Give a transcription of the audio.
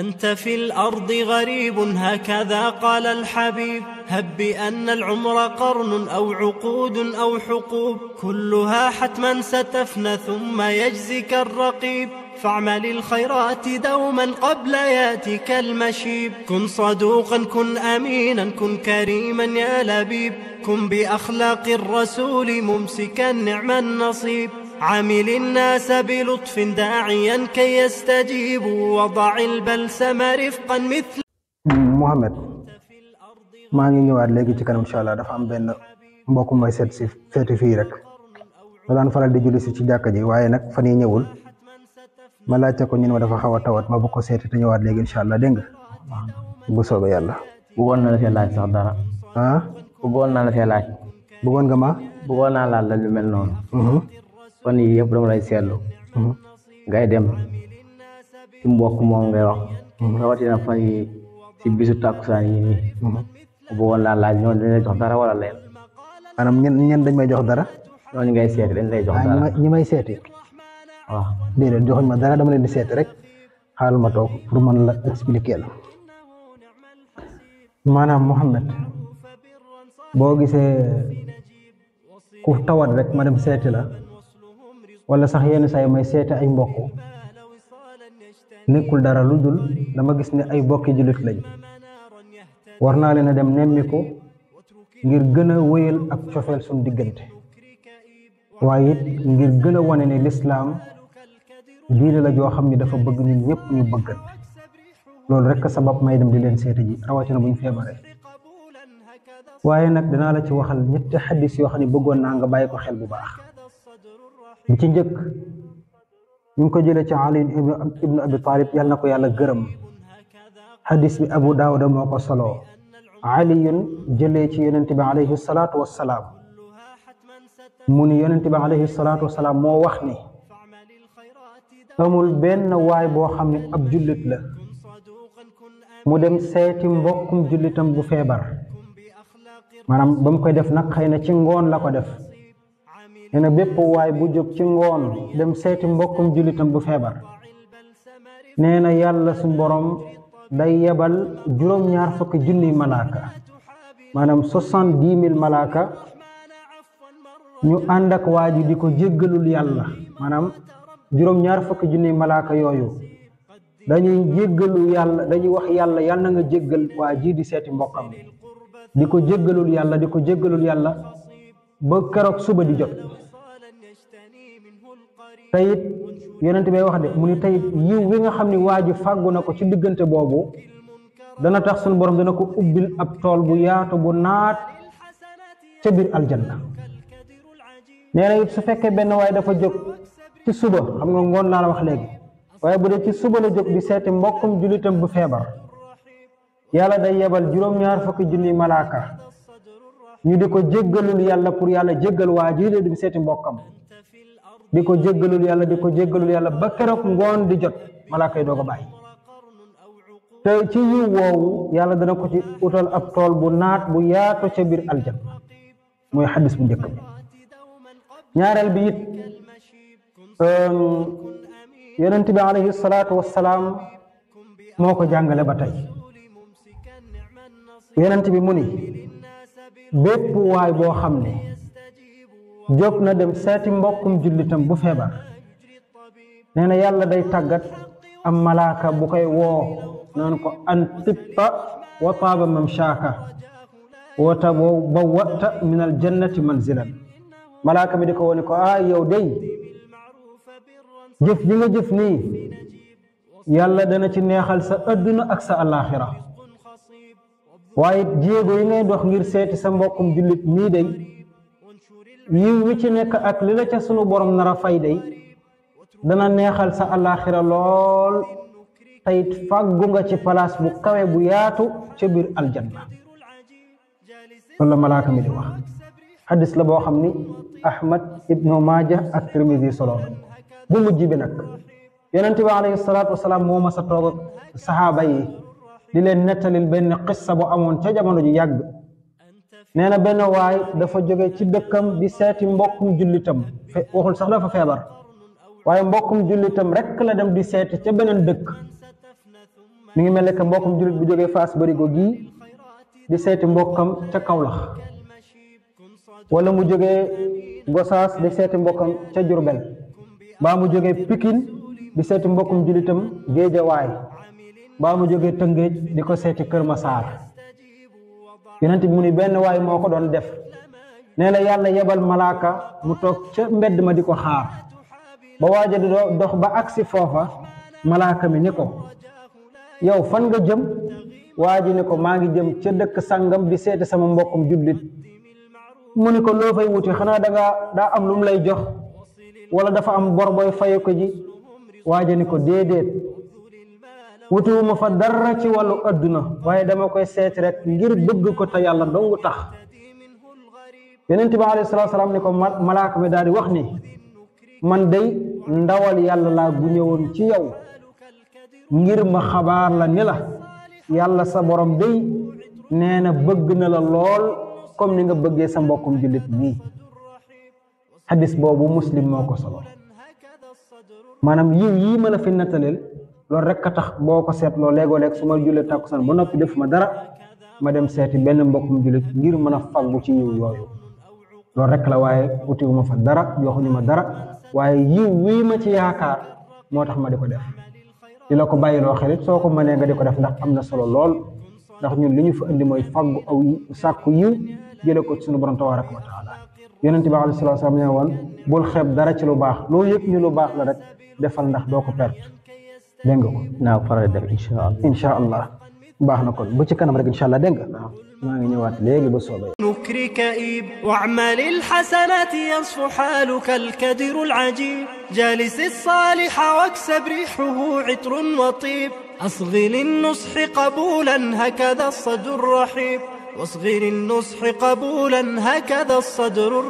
أنت في الأرض غريب هكذا قال الحبيب هب بأن العمر قرن أو عقود أو حقوب كلها حتما ستفنى ثم يجزك الرقيب فاعمل الخيرات دوما قبل ياتك المشيب كن صدوقا كن أمينا كن كريما يا لبيب كن بأخلاق الرسول ممسكا نعم النصيب عامل الناس بلطف داعيا كي يستجيبوا وضع البلسم maa ngi ñëwaat léegi ci kanam incha dafa am benn mbokk mooy seet si feeti rek ma daan faral di julli si ci jàkka ji waaye nag fan yii ñëwul ma laajte ko ñu ne ma dafa xaw a tawat ma bu ko seeti te ñëwaat léegi incha allah dégg bu soobee yàlla. bëggoon na la fee laaj sax dara. ah. bëggoon la fee laaj. bëggoon la lu mel noonu. Mhm. fan yii yëpp dama lay seetlu. Hmm. ngay dem ci mbokk moom ngay hmm. fan yii ci bisu tàkkusaan yi nii. bu hmm. bëggoon laa laaj ñoom dañ jox dara wala leen. anam ñen ñen dañ may jox dara. ñooñu ngay seeti dañ lay jox ah, ñi may seeti. waaw déedéet joxuñ ma dara dama leen di seeti rek xaaral ma toog pour mën la expliquer la maanaam Mouhamed boo gisee ku tawat rek ma dem seeti la. wala sax yenn saa yi may seete ay mbokk nekkul dara lu dul dama gis ne ay bokki jullit lañ war naa leen a dem nemmi ko ngir gën a wéyal ak cofeel suñ diggante waaye it ngir gën a wane ne lislaam diine la joo xam ni dafa bëgg ñun ñëpp ñu bëggal loolu rek sabab may dem di leen seete ji rawatina buñ feebaree waaye nag danaa la ci waxal ñetti xaddis yoo xam ne bëggoon naa nga bàyyi ko xel bu baax bi ci njëkk ñu ngi ko jëlee ci Ali ibnu Abi Talib yàlla na ko yàlla gërëm xadis bi Abu Daawuda moo ko soloo aliyun jëlee ci yonent bi alayhi salaatu wassalaam mu ni yonent bi alayhi salaatu moo wax ni amul benn waay boo xam ne ab jullit la mu dem seeti mbokkum jullitam bu feebar maanaam ba mu koy def nag xëy na ci ngoon la ko def nee na bépp waay bu jóg ci ngoon dem seeti mbokkum jullitam bu feebar nee na yàlla su borom day yebal juróom-ñaar fukki junniy malaaka maanaam mille malaaka ñu ànd waa ji di ko jéggalul yàlla maanaam juróom-ñaar fukki junni malaaka yooyu dañuy jéggalu yàlla dañuy wax yàlla yàlla na nga jéggal waa ji di seeti mbokkam di ko jéggalul yàlla di ko jéggalul yàlla ba keroog suba di jot te it yonent bay wax de mu ni tayit yiw wi nga xam ne waa ji fàggu na ko ci diggante boobu dana tax suñu borom dana ko ubbil ab tool bu yaatu bu naat ca biir aljanna nee na it su fekkee benn waaye dafa jóg ci suba xam nga ngoon naa la wax léegi waaye bu dee ci suba la jóg di seeti mbokkum jullitam bu feebar yàlla day yebal juróom-ñaar fukki junni malaaka ñu di ko jéggalul yàlla pour yàlla jéggal waa ji de di seeti mbokkam di ko jéggalul yàlla di ko jéggalul yàlla ba keroog ngoon di jot malaaka yi doo ko bàyyi te ci yiw woowu yàlla dana ko ci utal ab tool bu naat bu yaato ca biir aljanna mooy xadis bu njëkk bi ñaareel bi it um, yonent moo ko jàngale ba tey yonent mu ni bépp waay boo xam ne jóg na dem seeti mbokkum jullitam bu feebar nee na yàlla day tàggat am malaaka bu koy woo naan ko an tibta wa taaba mamshaaka wa tabawwa'ta min aljannati manzilan malaaka mi di ko wone ko ah yow day jëf ji nga jëf nii yàlla dana ci neexal sa adduna ak sa alaxira waaye jéego yi ngay dox ngir seeti sa mbokkum jullit mii day yiw wi ci nekk ak li ca sunu borom nar a fay day dana neexal sa alaxira lool tayit fàggu nga ci palaas bu kawe bu yaatu ca biir aljanna loolu la di wax xadis la boo xam ni ahmad ibnu maaja ak tirmidi solo bu mujj bi nag yonente bi alayhi salaatu sa toog ak saxaaba yi di leen nettalil benn xissa boo amoon ca jamono ju yàgg nee na benn waay dafa jóge ci dëkkam di seeti mbokkum jullitam waxul sax dafa feebar waaye mbokkum jullitam rek la dem di seeti ca beneen dëkk mu ngi mel ne que mbokkum jullit bu jóge Fass Barigo gii di seeti mbokkam ca Kawlax wala mu jóge Gosaas di seeti mbokkam ca Jurbel mbaa mu jógee Pikin di seeti mbokkum jullitam Géejawaay mbaa mu jógee Tëngéej di ko seeti Kër Masaar yonent bi mu ni benn waay moo ko doon def nee na yàlla yebal malaaka mu toog ca mbedd ma di ko xaar ba waaja di dox ba agsi foofa malaaka mi ni ko yow fan nga jëm waa ji ni ko maa ngi jëm ca dëkk sangam bi seeti sama mbokkum jullit mu ni ko loo fay wuti xanaa dangaa daa am lu mu lay jox wala dafa am bor booy faye ko ji waaja ni ko déedéet wutiwuma fa dara ci wàllu adduna waaye dama koy seet rek ngir bëgg ko te yàlla dongu tax yonent bi alayhi salaatu salaam ne ko malaaka mi daal di wax ni man day ndawal yàlla laa gu ñëwoon ci yow ngir ma xabaar la ni la yàlla sa borom day nee na bëgg na la lool comme ni nga bëggee sa mbokkum jullit bii xadis boobu muslim moo ko solo maanaam yiw yii ma la fi nettaleel loolu rek a tax boo ko seetloo léegoo léeg su ma jullee tàkkusaan ba noppi def ma dara ma dem seeti benn mbokkum jullit ngir mën a faggu ci yiw yooyu loolu rek la waaye utiwu ma fa dara joxuñu ma dara waaye yiw wii ma ci moo tax ma di ko def di la ko bàyyiloo xelit soo ko mënee nga ko def ndax am na solo lool ndax ñun li ñu fa indi mooy faggu aw sàkku yiw jële ko ci suñu borom tabaraka wa taala yonente bi alayhi salaatu salaam ne woon bul xeeb dara ci lu baax loolu yëpp ñu lu baax la rek defal ndax doo ko perte dégg nga ko naa ko faral def incha allah incha allah baax na kon bu ci kanam rek incha allah dégg nga maa ngi ñëwaat léegi ba soobee nukrika ib wa'mal alhasanati yasfu haluka alkadir alajib jalis الصالح واكسب ريحه عطر وطيب أصغي للنصح قبولا هكذا الصدر الرحيب واصغي للنصح قبولا هكذا الصدر